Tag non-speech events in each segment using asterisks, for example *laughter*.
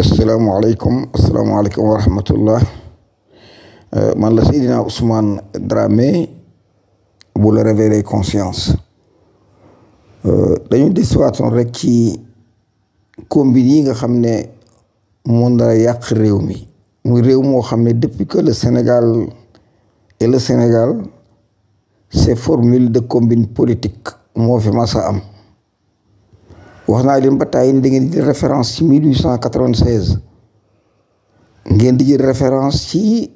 asalaamaaleykum asalaamaaleykum wa rahmatullah euh, man la Seydina Ousmane drame bu la réveiller conscience euh, dañu desiwaatoon rek ci combine yi nga xam ne moo dara yàq réew mi muy réew moo xam ne depuis que le Sénégal et le Sénégal ces formules de combine politique moo fi mas am wax naa leen ba tàyyi da ngeen di référence ci 1896 ngeen di jël référence ci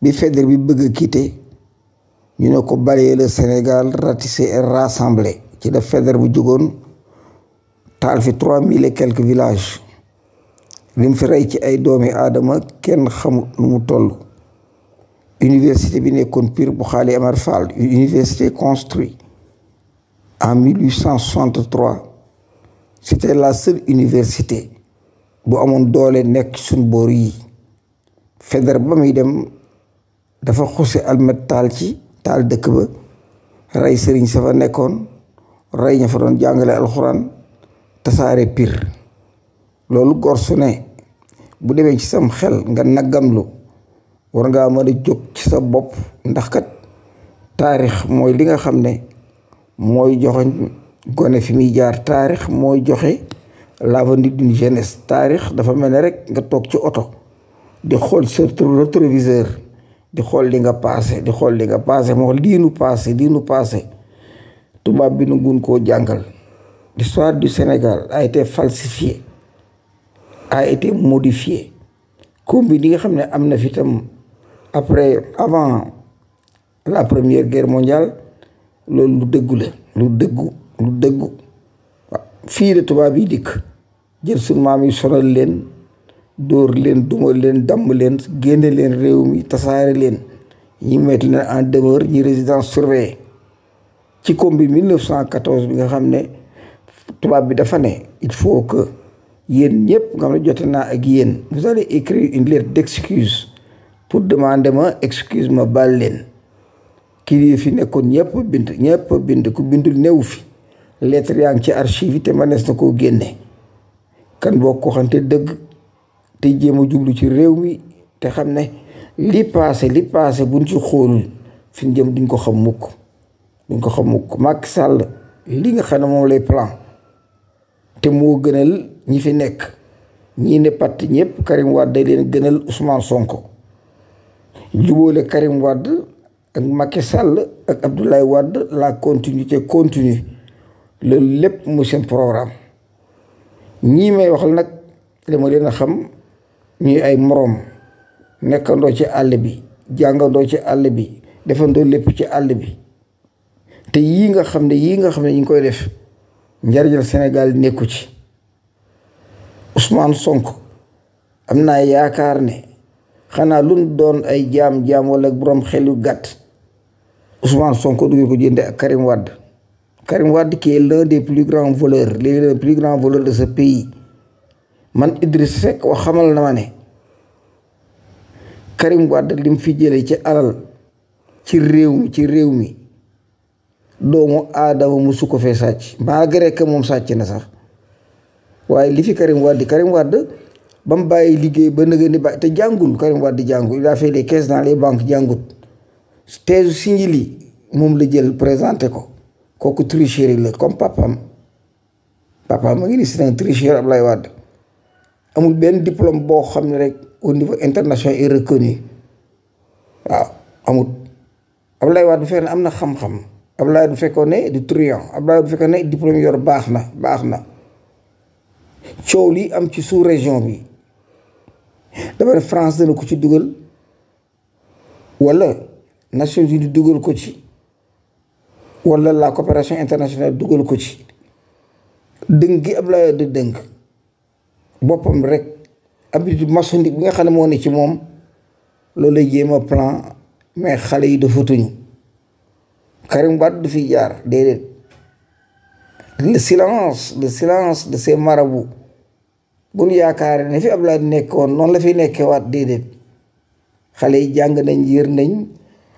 bi Faidherbe bi bëgg a quitter ñu ne ko balayer le Sénégal ratisser et rassembler ci la Faidherbe bu jugoon taal fi trois mille et quelques villages lim fi rey ci ay doomi aadama kenn xamut nu mu toll université bi nekkoon Pire bu Xaali Amar Fall université construite en c'était la seule université bu amoon doole nekk suñ boor yi Faidherbe ba muy dem dafa xusi almet taal ci taal dëkk ba rey sëriñ sa fa nekkoon rey ña fa doon jàngale alxuraan tasaare piir loolu gor su ne bu demee ci sam xel nga naggamlu war ngaa mën a jóg ci sa bopp ndax kat taarix mooy li nga xam ne mooy joxoñ gone fi muy jaar taarix mooy joxe l'avenir d'une jeunesse taarix dafa mel ne rek nga toog ci oto di xool sa rétroviseur di xool li nga passé di xool li nga passé moo liinu passé liinu passé tubaab bi nu gun koo jàngal l'histoire du Sénégal a été falsifiée a été modifiée combi di nga xam ne am na fi tam après avant la première guerre mondiale loolu lu dëggu la lu dëggu lu dëggu fii de tubaab yi dikk jël sumaam yi sonal leen dóor leen duma leen damm leen génne leen réew mi tasaare leen ñi mettre leen en demeure ñi résidence surveillée ci comme bi 1914 bi nga xam ne tubaab bi dafa ne il faut que yéen ñëpp nga ne jote naa ak yéen vous allez écrire une d'excuse pour demandement ma excuse baal leen kii fi nekkoon ñëpp bind ñëpp bind ku bindul néew fi lettre yaa ngi ci archive te mënees na koo génne kan boo ko xante dëgg te jéem a jublu ci réew mi te xam ne li passé li passé buñ ci xoolul fi ñu jëm duñ ko xam mukk duñ ko xam mukk Macky sàll li nga xam ne moom lay plan te moo gënal ñi fi nekk ñii ne patt ñëpp Karim Wade day leen gënal Ousmane Sonko jubóole Karim Wade ak Macky sàll ak Abdoulaye laa la continuité continue loolu lépp mu seen programme ñii may waxal nag li ma leen a xam ñuy ay moroom nekkandoo ci àll bi jàngandoo ci àll bi defandoo lépp ci àll bi te yii nga xam ne yii nga xam ne ñu ngi koy def njariñal Sénégal nekku ci Ousmane sonk am naa yaakaar ne xanaa lu doon ay jaam jaam wala boroom xel gàtt Ousmane Sonko du ngeen ko jënde ak Karim wàdd Karim Wade qui est l'un des plus grands voleurs les plus grands voleurs de ce pays man Idriss Seck wax na ma ne Karim Wade lim fi jële ci alal ci réew mi ci réew mi doomu aadama musu ko fee sàcc malgré que moom sàcc na sax waaye li fi Karim Wade Karim Wade ba mu bàyyi liggéey ba nëgë ni bàyyi te jàngul Karim Wade jàngul il a fait des caisses dans les banques jàngut teesu si njili moom la jël présenté ko kooku tricherie la comme papaam papaam ma ngi ni c'est un tricheur Ablaye Wade amul benn diplôme boo xam ne rek au niveau international est reconnu amut amul Ablaye Wade bu fekkee ne am na xam-xam Ablaye bu fekkoon ne du truand Ablaye bu fekkoon ne diplôme yor baax na baax na coow lii am ci sous région bi dafa ne France dana ko ci dugal wala Nations Unies dugal ko ci wala la coopération internationale dugal ko ci dënk gi Abdoulaye Wade dënk boppam rek habitude maçonnique bi nga xam ne moo ne ci moom loolu lay jéem a plan mais xale yi dafa tuñu Karim du fi jaar déedéet le silence le silence de ces marabouts bu yaakaar yaakaaree ne fi Abdoulaye nekkoon noonu la fi nekkewaat déedéet xale yi jàng nañ yër nañ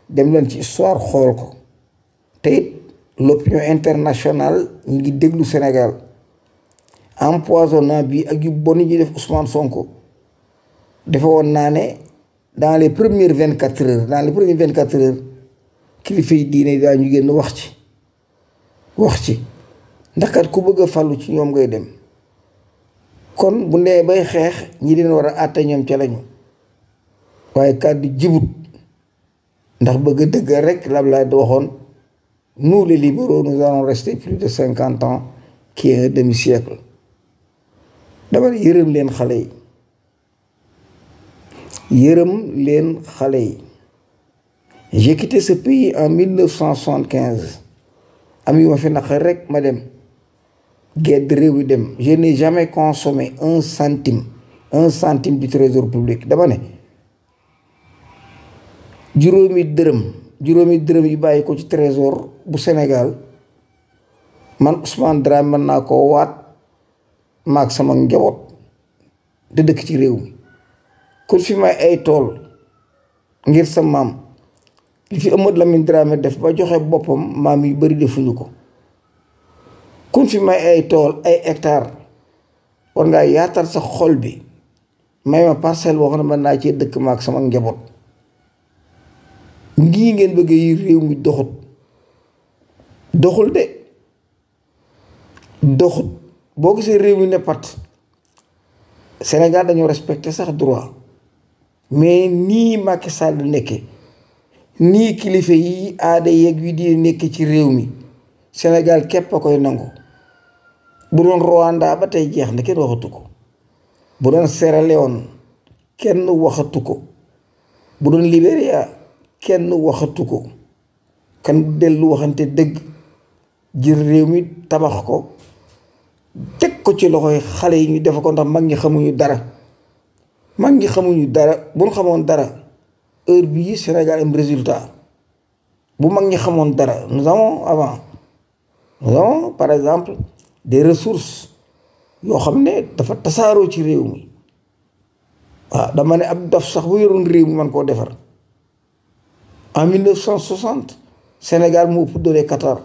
dem leen ci histoire xool ko te it l'opinion internationale ñu ngi déglu Sénégal en empoisonnant bi ak yu bon ñu def Ousmane Sonko defe woon naa ne dans les premières vingt quatre heures dans les premières vingt quatre heures kilifa yi diine daa ñu génn wax ci wax ci ndax kat ku bëgg a fàllu ci ñoom ngay dem kon bu nee bay xeex ñi dina war a àtte ñoom ca lañu waaye kàddu jibut ndax bëgg dëgg rek lab laa di waxoon Nous, les libéraux, nous allons rester plus de cinquante ans qui est demi-siècle dama ne yërëm leen xale yi yërëm leen xale yi j'ai quitté ce pays en 1975 am yu ma fi naqar rek ma dem gedd réew yi dem je n'ai jamais consommé un centime un centime du trésor public dama ne juróomi dërëm juróomi dërëm yi bàyyi ko ci trésor bu Sénégal man Ousmane Dramé mën naa koo waat maak sama njaboot di dëkk ci réew mi kon fi may ay tool ngir sa maam li fi Amadou Lamine Dramé def ba joxe boppam maam yu bari defuñu ko kon fi may ay tool ay hectare war ngaa yaatal sa xol bi may ma parcelle boo xam ne mën naa cee dëkk maak sama njaboot ngii ngeen bëggee réew mi doxut doxul de doxut boo gisee réew mi ne pat Sénégal dañoo respecté sax droit mais nii Macky Sall nekke nii kilifa yi aada yeeg yu di nekk ci réew mi Sénégal képp a koy nangu bu doon Rwanda ba tey jeex na kenn waxatu ko bu doon Sierra kenn waxatu ko bu doon Libéria kenn waxatu ko kan dellu waxante dëgg jël réew mi tabax ko teg ko ci loxoy xale yi ñu defe ko ndax mag ñi xamuñu dara mag ñi xamuñu dara buñ xamoon dara heure bii Sénégal am résultat bu mag ñi xamoon dara nous avons avant nous avons par exemple des ressources yoo xam ne dafa tasaaroo ci réew mi waaw dama ne ab dof sax bu yoroon réew mi man koo defar en 1960 Sénégal moo ëpp doole Qatar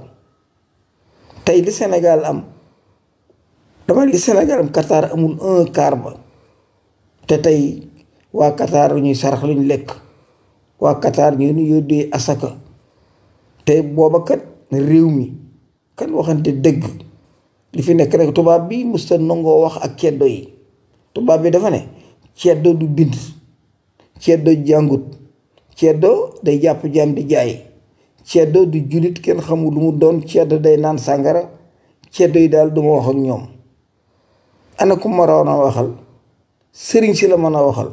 tey li Sénégal am dama li Sénégal am Qatar amul un quart ba te tey waa Qatar ñuy sarax luñ lekk waa Qatar ñu nu yóddee asaka te booba kat réew mi kan waxante dëgg li fi nekk rek tubaab bi musta nangoo wax ak ceddo yi tubaab bi dafa ne ceddo du bind ceddo jàngut ceddo day jàpp jaam di jaay ceddo du julit kenn xamul lu mu doon ceddo day naan sàngara ceddo yi daal duma wax ak ñoom ana ku ma raw na waxal sëriñ si la mën a waxal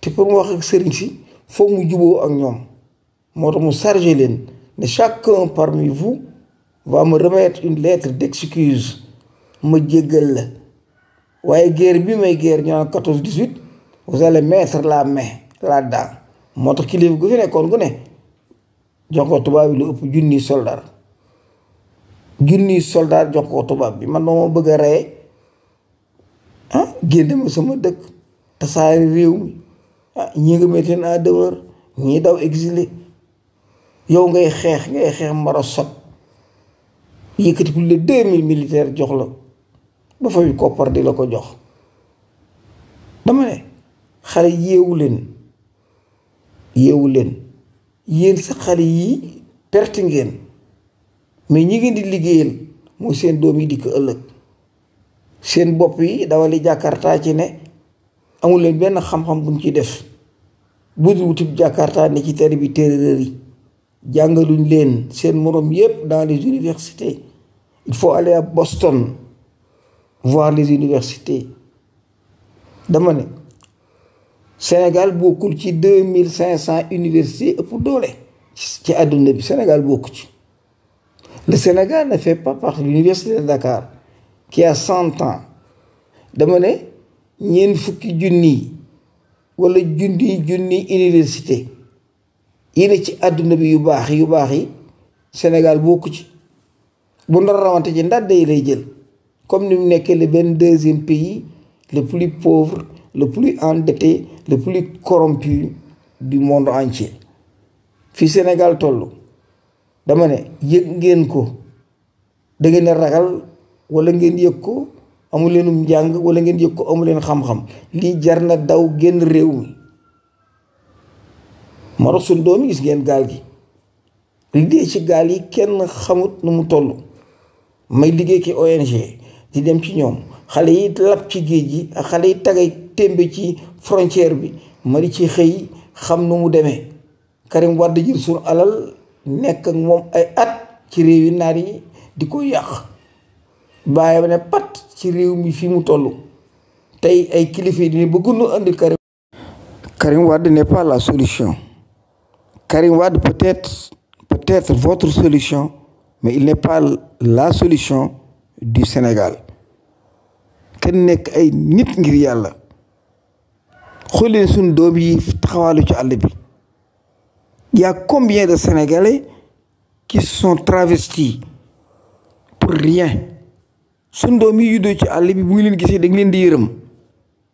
te pour mu wax ak sëriñ si foog mu juboo ak ñoom moo tax mu chargé leen ne chacun parmi vous va me remettre une lettre d'excuse ma jéggal la waaye guerre bi may guerre ñu naan 14 18 vous allez mettre la main là-dedans moo tax kilifa gu fi nekkoon gu ne jox ko tubaab bi lu ëpp junni soldaar junni soldaar jox ko tubaab bi man moo bëgg a rey ah génne ma sama dëkk tasaare réew mi ah ñii nga metti à demeure ñii daw exilé yow ngay xeex ngay xeex mara sot yëkkati plus de deux mille militaires jox la ba fay koppar di la ko jox dama ne xale yeewu leen yeewu leen yéen sa xale yi perte ngeen mais ñi ngeen di liggéeyal mooy seen doom yi dikk ëllëg seen bopp yi dawali jàkkaartaa ci ne amul leen benn xam-xam buñ ci def bu wutib jàkkaartaa ne ci tere bi téeréer yi jàngaluñ leen seen moroom yépp dans les universités il faut aller à Boston voir les universités dama ne Sénégal bokkul ci deux mille cinq cent universités ëpp doole ci àdduna bi Sénégal bokku ci le Sénégal ne fait pas partie de l'université de Dakar qui a cent ans dama ne ñeent fukki junni wala junni junni université yi ne ci àdduna bi yu baax yu baax yi Sénégal bokku ci bu ndar rawante ci ndàdd yi lay jël comme ni mu nekkee le vingt-deuxième pays le plus pauvre le plus endetté le plus corrompu du monde entier fi Sénégal toll dama ne yëg ngeen ko da ngeen a ragal wala ngeen yëg ko amu leenum njàng wala ngeen yëg ko amuleen leen xam-xam lii jar na daw génn réew mi Maroc suñ doom gis ngeen gaal gi li ci gaal yi kenn xamut nu mu toll may liggéey ki ONG di dem ci ñoom xale yi lab ci géej gi ak xale yi tagay ci frontière bi ma di ci xëy xam nu mu deme Karim Wade jël suñu alal nekk ak moom ay at ci réew yi naar yi di koy yàq bàyyi ne pat ci réew mi fi mu toll tey ay kilifa yi di ne bëgguñu andi Karim. Karim Wade n'est la solution Karim Wade peut-être votre solution mais il n'est la solution du Sénégal kenn nekk ay nit ngir yàlla xool leen suñ doom yi taxawaalu ci àll bi y a combien de Sénégalais qui sont travestis pour rien suñ doom yi juddoo ci àll bi bu ngi leen gisee dañ leen di yërëm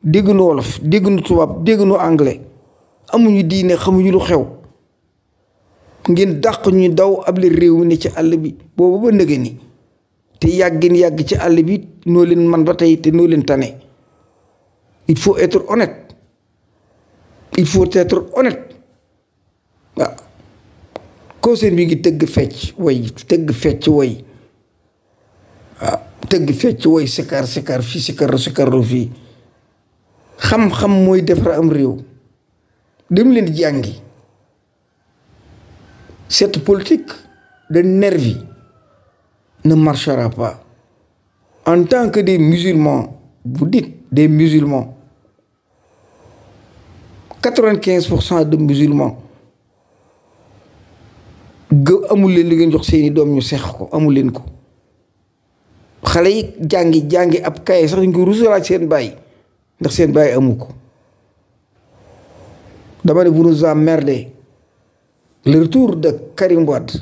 dégg nu wolof dégg nu tubaab dégg nu anglais amuñu diine xamuñu lu xew ngeen dàq ñu daw ab li réew mi ne ci àll bi boobu ba ndëgë ni te yàggin yàgg ci àll bi noo leen man ba tey te noo leen tane il faut être honnête il faut être honnête waaw concert bi ngi tëgg fecc way tëgg fecc way tëgg fecc way sikar sikar fii sikar sikarlu fii xam-xam mooy defar am réew dem leen jàngi cette politique de nervi ne marchera pas en tant que des musulmans vous dites des musulmans quatre quinze pour cent de musulmans gë amul leen li ngeen jox seeni doom ñu seex ko amul leen ko xale yi jàngi jàngi ab kaye sax dañ rusalaat seen bàyyi ndax seen bàyyi amu ko dama ne vous nous emmerdez le retour de Karim Wade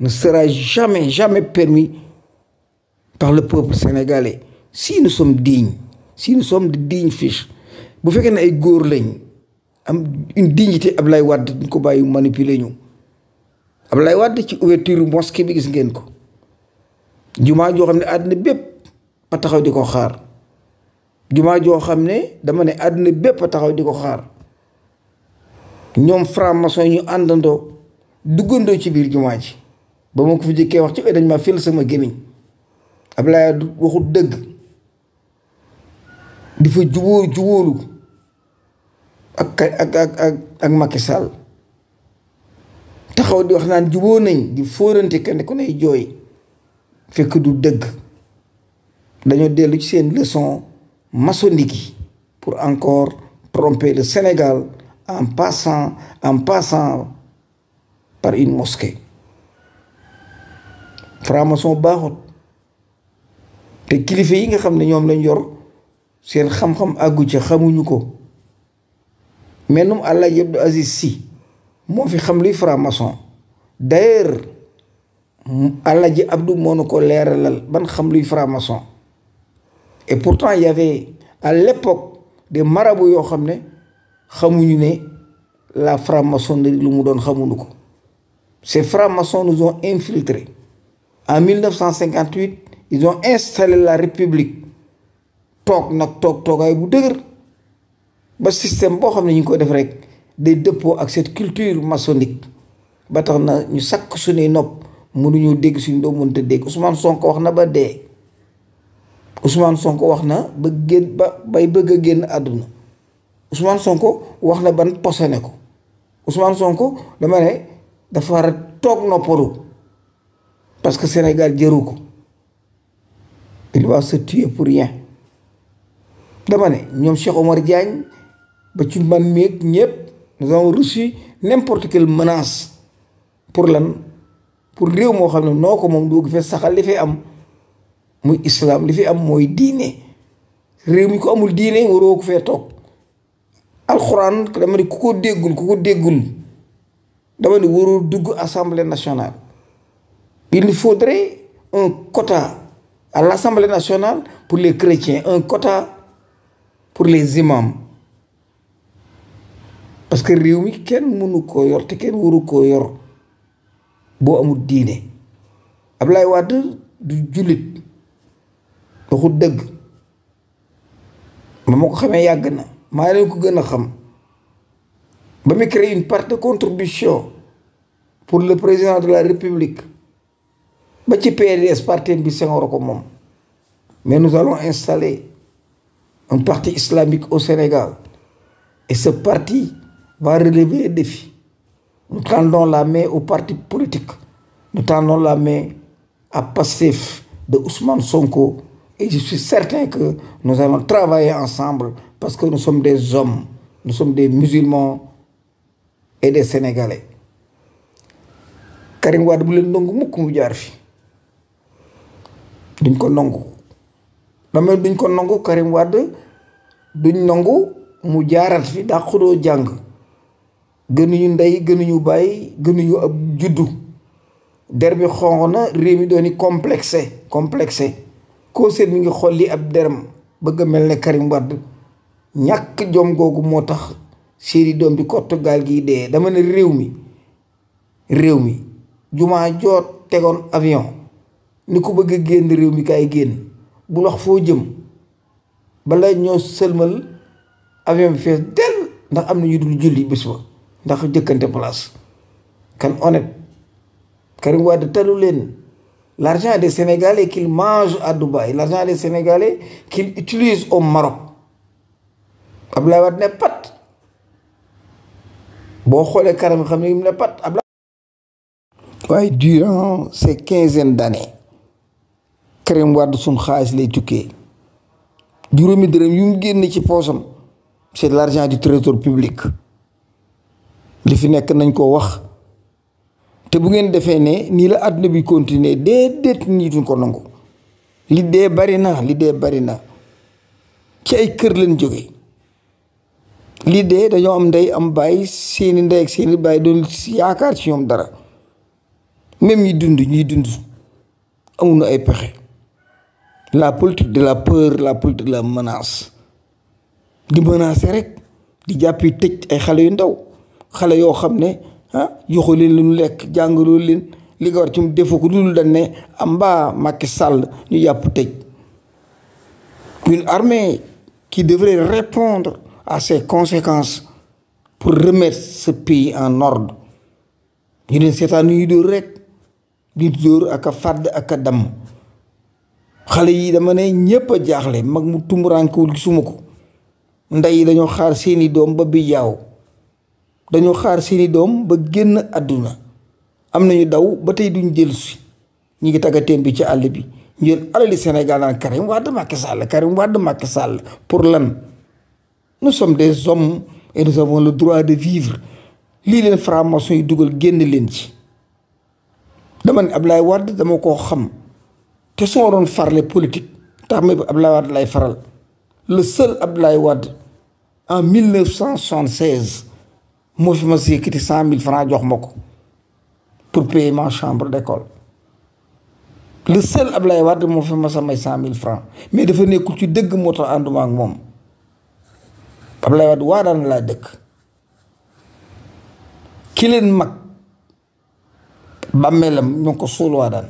ne sera jamais jamais permis par le peuple sénégalais si nous sommes dignes si nous sommes de dignes fiches bu fekkee ne ay góor lañ am une dignité Ablaye Wade duñ ko bàyyi manipuler ñu Ablaye Wade ci ouverture mosquée bi gis ngeen ko jumaa joo xam ne àddina bépp a taxaw di ko xaar jumaa joo xam ne dama ne àddina bépp a taxaw di ko xaar ñoom franc-maçon ñu àndandoo duggandoo ci biir jumaa ji ba ma ko fi jëkkee wax ci dañ ma fil sama gémmiñ Ablaye waxut dëgg di fa jubóor jubóoru ak ak ak ak ak taxaw di wax naan juboo nañ di fóorante kenn ku ney jooy fekk du dëgg dañoo dellu ci seen leçon maçonnique ki pour encore tromper le Sénégal en passant en passant par une mosquée franc baaxut te kilifa yi nga xam ne ñoom lañ yor seen xam-xam àggu ci xamuñu ko mennum Alaaji Abdou Aziz si moo fi xam luy framason maçon d'ailleurs ji Abdou moo nu ko leeralal ban xam luy framason et pourtant y avait à l'époque des marabouts yoo xam ne xamuñu ne la franc-maçonnerie lu mu doon xamuñu ko ces francs-maçons nous ont infiltrés en 1958 ils ont installé la république toog nag toog toogaay bu dëgër ba système boo xam ne ñu ngi ko def rek day dëppoo ak cette culture maçonnique ba tax na ñu sakk suñuy nopp mënuñu dégg suñu doo mënta dégg Ousmane Sonko wax na ba dee Ousmane Sonko wax na ba génn bëgg génn àdduna Ousmane Sonko wax na ban posone ko Ousmane Sonko dama ne dafa war a toog noppalu parce que Sénégal jëru ko il va se tuer pour rien dama ne ñoom Cheikh Omar Diagne ba ci man meeg ñëpp nous avons reçu n'importe menace pour lan pour réew moo xam ne noo ko moom doo ko fee saxal li fi am muy islam li fi am mooy diine réew mi ko amul diine waroo ko fee toog alxuraan dama ne ku ko déggul ku ko déggul dama ne waroo dugg assemblée nationale il faudrait un quota à l'assemblée nationale pour les chrétiens un quota pour les imams parce que réew mi kenn mënu koo yor te kenn waru koo yor boo amul diine lay Wade du jullit waxul dëgg ba ma ko xamee yàgg na maa leen ko gën a xam ba mu créé une part contribution pour le président de la république ba ci PDS parti bi Senghor ko moom mais nous allons installer un parti islamique au Sénégal et ce parti va relever les défis. Nous tendons la mais au partis politiques. Nous tendons la main à Passif de Ousmane Sonko. Et je suis certain que nous allons travailler ensemble parce que nous sommes des hommes, nous des musulmans et des Sénégalais. Karim Wade bu leen nangu mukk mu jaar fi duñ ko nangu dama duñ ko nangu Karim Wade duñ nangu mu jaaral fi daa xudoo jàng gënuñu ndey gënuñu bàyyi gënuñu ab juddu der bi xonq na réew mi dooni complexé complexé koo seet mi ngi xolli ab deram bëgg a mel ne Karim Wade ñàkk jom googu moo tax séeri doom bi kott gaal gi dee dama ne réew mi réew mi jumaa joot tegoon avion ni ko bëgg a génn réew mi kaay génn bu wax foo jëm bala ñoo sëlmal avion bi fees del ndax am na ñu dul julli bés ba ndax jëkkante place kan honnête Karim Wade talu leen l'argent des Sénégalais qu'il mange à Dubaï l'argent des Sénégalais qu'il utilise au Maroc Abdoulaye Wade ne pat boo xoolee Karim xam ne mu ne pat Abdoulaye waaye durant ces quinzaine d'années Karim wàdd suñ xaalis lay tukkee juróomi dërëm yu mu génn ci poosam c'est l'argent du trésor public li fi nekk nañ koo wax te bu ngeen defee ne nii la àdduna bi continuer déedéet nii duñ ko nangu li dee bari na li dee bari na ci ay kër lañ jóge lii dee dañoo am ndey am bàyyi seeni ndey ak seeni bàyyi doon yaakaar ci ñoom dara même ñi dund ñuy dund amuñu ay pexe la politique de la peur la politique de la menace di menacer rek di yi tëj ay xale yu ndaw xale yoo xam ne ah leen lu ñu lekk jàngaloo leen li nga war ci mu defu ko dul dañ ne am ah, mbaa Macky Sall ñu yàpp tëj une armée qui devrait répondre à ses conséquences pour remettre ce pays en ordre ñu ne seetaan ñuy dóor rek di dóor ak a ak a damm xale yi dama ne ñépp a jaaxle mag mu tumuraankewul gisuma ko ndey dañoo xaar seeni doom ba bi yaaw dañoo xaar seeni doom ba génn àdduna am nañu daw ba tey duñ jël si ñu ngi taggatéem bi ci àll bi ñu jël alali Sénégal naan Karim Wade Macky Sall Karim Wade Sall pour lan nous sommes des hommes et nous avons le droit de vivre lii leen franc-maçon dugal génn leen ci dama ne Ablaye Wade dama koo xam te su doon farle politique tax ma Ablaye Wade lay faral le seul Ablaye Wade en 1976 mosuma si yëkkati cent mille francs jox ma ko pour payer ma decole d'école le seul Ablaye Wade moo fi ma samay cent mille francs mais dafa nekkul ci dëgg moo tax ànduma ak moom Ablaye Wade waa daan laa dëkk ki leen mag bàmmeelam ñoo ko suul waa daan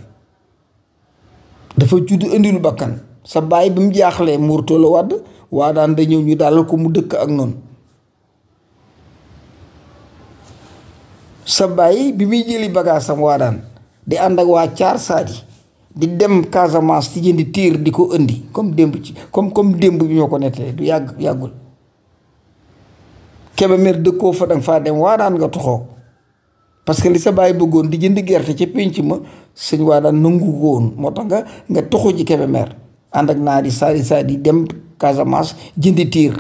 dafa judd indilu bakkan sa baay bi mu jaaxlee muurtoo la wàdd waa daan da ñëw ñu dalal ko mu dëkk ak noonu sa baay bi muy jëli bagaasam waadaan di ànd ak waa caar saadi di dem Casamance ci jëndi tiir di ko indi comme démb ci comme comme démb bi ñoo ko nettee du yàgg yàggul Kébémer dëkkoo fa danga faa dem waadaan nga toxoo parce que li sa baay bëggoon di jënd gerte ca pénc ma sëñ waadaan nangu ko woon moo tax nga nga toxu ji Kébémer ànd ak naa di saadi saadi dem Casamance jëndi tiir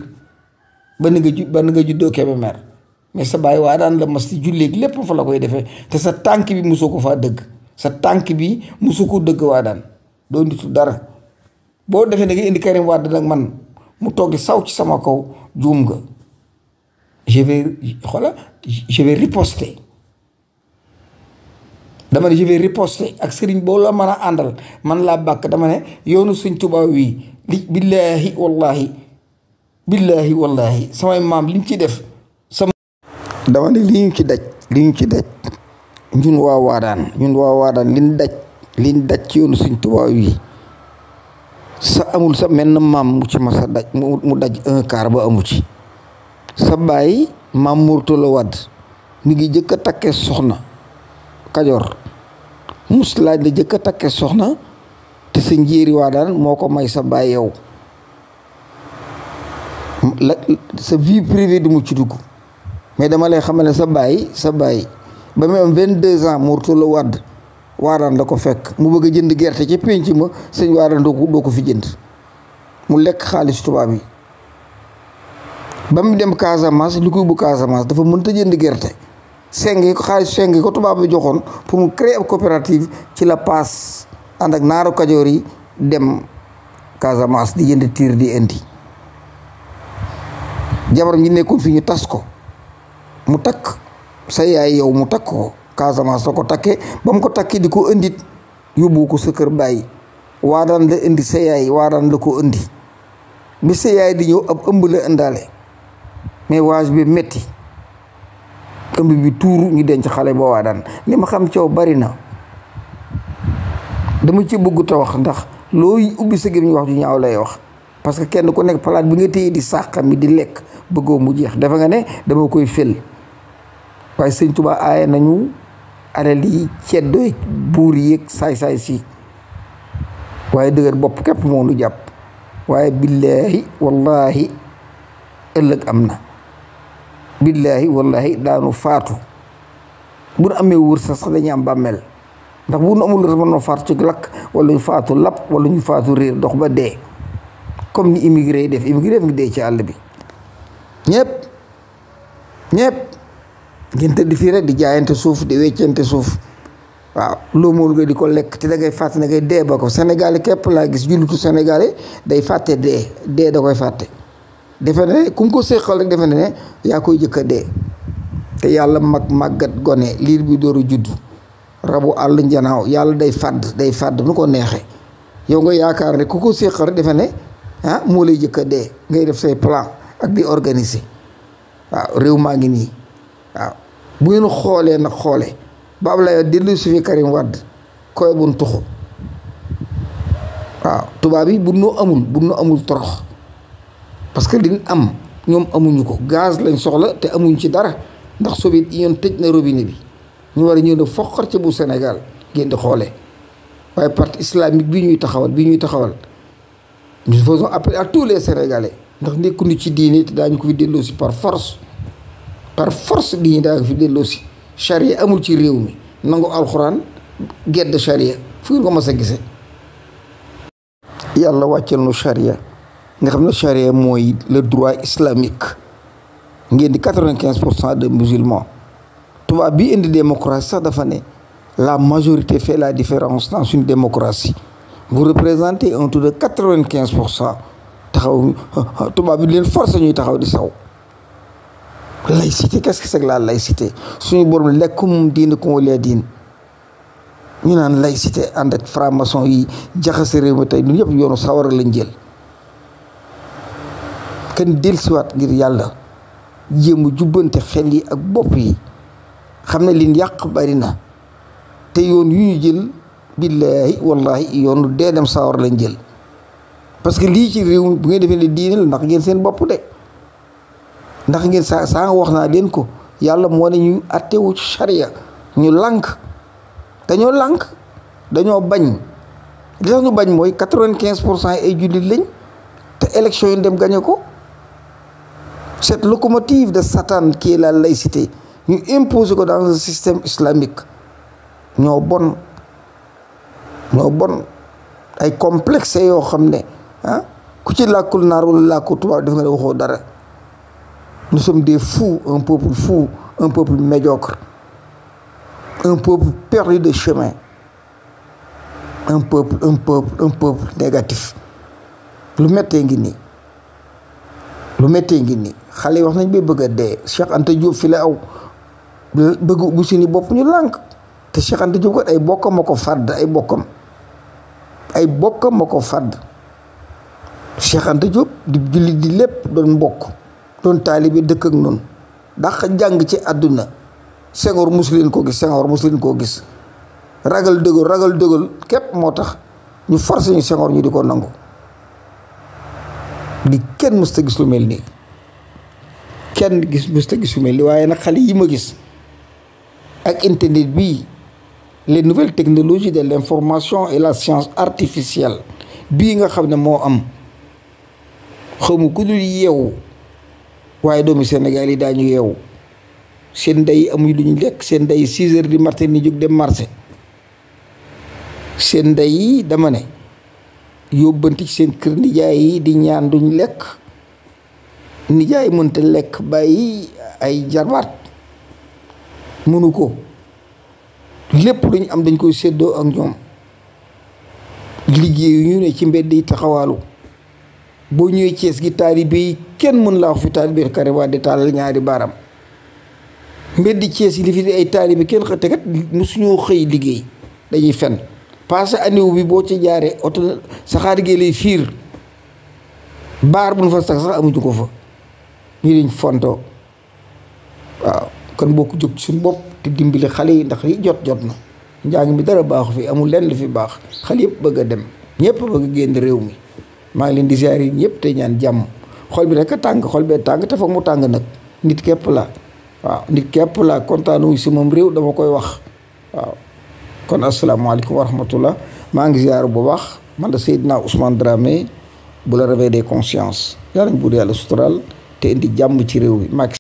ba ni nga ju ba juddoo Kébémer mais sa baay waa daan la mas ci julleeg lépp fa la koy defee te sa tànk bi mosoo ko faa dëgg sa tànk bi mosoo ko dëgg waa daan doo nitu dara boo defee da nga indi Karim Wade nag man mu toog di saw ci sama kaw juum ga je vais xoola je dama ne je vais ak sëriñ boo la mën a àndal man laa bàkk dama ne yoonu Sëñ Tuubaa wii li billaahi wallaahi billaahi wallaahi samay maam liñ ci def dama ne li ñu ci daj li ñu ci daj ñun waa waadaan ñun waa waadaan liñ daj liñ daj ci yoonu suñ tubaab yi sa amul sa menn maam mu ci ma sa daj mu daj un quart ba amu ci sa baay maam Mourtala Wade ngi jëkk a takkee soxna Kajoor mus laaj la jëkk a soxna te sa njéeri waadaan moo ko may sa baay yow la sa vie privée du mu ci dugg mais dama lay xamal ne sa baay sa baay ba mu am vingt deux ans murtu la wadd waadaan la ko fekk mu bëgg a jënd gerte ci pénc ma sëñ waadaan doo ko fi jënd mu lekk xaalis tubaab yi ba mu dem Casamance li koy bu Casamance dafa mënta jënd gerte seng yi ko xaalis seng yi ko tubaab bi joxoon pour mu créer ab ci la paas ànd ak naaru kajoor yi dem Casamance di jënd tiir di indi jabaram ñi nekkoon fi ñu tas ko mu takk sa yaay yow mu takk ko Casamance la ko takkee ba mu ko takkee di ko indit yóbbu ko sa kër bàyyi waaraan la indi sa yaay waaraan la ko indi bi sa yaay di ñëw ab ëmb la indaale mais waaj bi metti ëmb bi tuuru ñu denc xale ba waadaan li ma xam coow bari na dama ci bëggut a wax ndax looy ubbi sa gémmiñ wax ju ñaaw lay wax parce que kenn ku nekk palaat bi nga téye di sàq mi di lekk bëggoo mu jeex dafa nga ne dama koy fël waaye sëñ Tuubaa aaye nañu alal yi ceddo buur yéeg saay-saay si waaye dëgër bopp képp moo lu jàpp waaye billaahi wallaahi ëllëg am na billaahi wallaahi daanu faatu bu nu amee wërsëg sax dañuy am bàmmeel ndax bu nu amul wërsëg mën na faatu ci lakk wala ñu faatu lapp wala ñu faatu réer dox ba dee comme ni immigré yi def immigré yi def dee ci àll bi ñëpp ñëpp ngeen tëdd fii rek di jaayante suuf di weccante suuf waaw loo mool nga di ko lekk te dangay fàtt fàtte ne ngay dee ba ko sénégalais képp laa gis jullitu sénégalais day fàtte dee dee da koy fàtte defe ne ku ko séqal rek defe ne yaa koy jëkk a dee te yàlla mag màggat gone liir bi dooru judd rabu àll njanaaw yàlla day fàdd day fàdd nu ko neexee yow nga yaakaar ne ku ko séqal defe ne ah moo lay jëkk a dee ngay def say plan ak di organiser waaw réew maa ngi nii bu ngeen xoolee nag xoole ba Ablaye dellu si fi Karim Wade koy bun tuxu waaw tubaab yi bu nu amul bu nu amul torox parce que liñ am ñoom amuñu ko gaz lañ soxla te amuñ ci dara ndax Soviet Union tëj na robinet bi ñu war a ñëw ne foqar ci bu Sénégal ngeen di xoole waaye parti islamique bi ñuy taxawal bi ñuy taxawal nous faisons à tous les Sénégalais ndax nekkuñu ci diine te daañu ko fi delloo si par force par force diine daa fi delloo si charia amul ci réew mi nangu alxuraan gedd charia fu ngeen ko mas gise yàlla wàccal nu charia nga xam ne charia mooy le droit islamique ngeen di quatre vingt pour cent de musulmans tubaab bi indi démocratie sax dafa ne la majorité fait la différence dans une démocratie vous représentez un taux de quatre-vingt-quinze pour cent taxaw *laughs* tubaab bi leen force ñuy taxaw di saw laïcité quest que c'est que la laïcité suñu borom lekkum diin ku mu lee diin ñu naan laïcité ànd ak franc-maçon yi jaxase réew mi tey ñun ñëpp yoonu sawara lañ jël kenn dellusiwaat ngir yàlla jéem a jubbante xel yi ak bopp yi xam ne liñ yàq bari na te yoon yu ñu jël billaahi wallaahi yoonu dee dem sawar lañ jël parce que lii ci réew mi bu ngeen defee ne diine la ndax ngeen seen bopp de. ndax ngeen sa saa nga wax naa leen ko yàlla moo ne ñu attewu charia ñu lànk dañoo lànk dañoo bañ li tax ñu bañ mooy quatre-vingt-quinze pour cent ay jullit lañ te élection yi dem gañe ko cette locomotive de Satan kii laa lay laïcité ñu imposer ko dans un système islamique ñoo bon ñoo bon ay complexe yoo xam ne ah ku ci làkkul naar wala làkku tubaab def nga ne waxoo dara Nous sommes des fous, un peuple fou, un peuple médiocre, un peuple perdu de chemin, un peuple, un peuple, un peuple négatif. lu méttee ngi nii lu mettee ngi nii xale yi wax nañ bay bëgg a dee Cheikh Anta Diop fi la aw bëgg bu seen i bopp ñu lànk te Cheikh Anta Diop ay bokkam ma fàdd ay bokkam ay bokkam ma fàdd Cheikh Anta di julli di lépp doon bokk doon taalibi dëkk ak noonu daq jàng ci àdduna Senghor musu leen koo gis Senghor musu koo gis ragal dëggal ragal dëggal képp moo tax ñu forcé ñu Senghor ñu di ko nangu di kenn mës ta gis lu mel nii kenn gis mës ta gis waaye nag xale yi ma gis ak internet bii les nouvelles technologies de l'information et la science artificielle bii nga xam ne moo am xamu ku dul yeewu waaye doomi Sénégal yi daañu yeewu seen ndey amuñ lu ñu lekk seen ndey six heures du matin ni jóg dem marché seen ndey yi dama ne yóbbanti ci seen kër nijaay yi di ñaan duñ lekk nijaay mënta lekk bàyyi ay jarbaat mënu ko lépp luñ am dañ koy séddoo ak ñoom liggéeyu ñu ne ci mbedd yi taxawaalu boo ñëwee Cees gi taalibe yi kenn mën laa wax fi kari waa Wade taalal ñaari baaram mbedd Cees yi li fi di ay taalibe kenn xëy te kat mosuñoo xëy liggéey dañuy fen passé anéew bi boo ci jaaree oto saxaar gee lay fiir baar bu nu fa sax sax amuñu ko fa ñu dañ fontoo waaw kon boo jóg ci bopp te dimbali xale yi ndax yi jot jot na njàng bi dara baaxu fi amul lenn lu fi baax xale yëpp bëgg a dem ñëpp bëgg a génn réew mi maa ngi leen di ziare ñëpp tey ñaan jàmm xol bi rek a tàng xol bee tàng te foog mu tàng nag nit képp la waaw nit képp la kontaanu si moom réew dama koy wax waaw. kon asalaamaaleykum wa rahmatullah maa ngi ziare bu baax man la Seydina Ousmane Dramé bu la réveil des consciences yàlla ñu buur yàlla sutural te indi jàmm ci réew mi.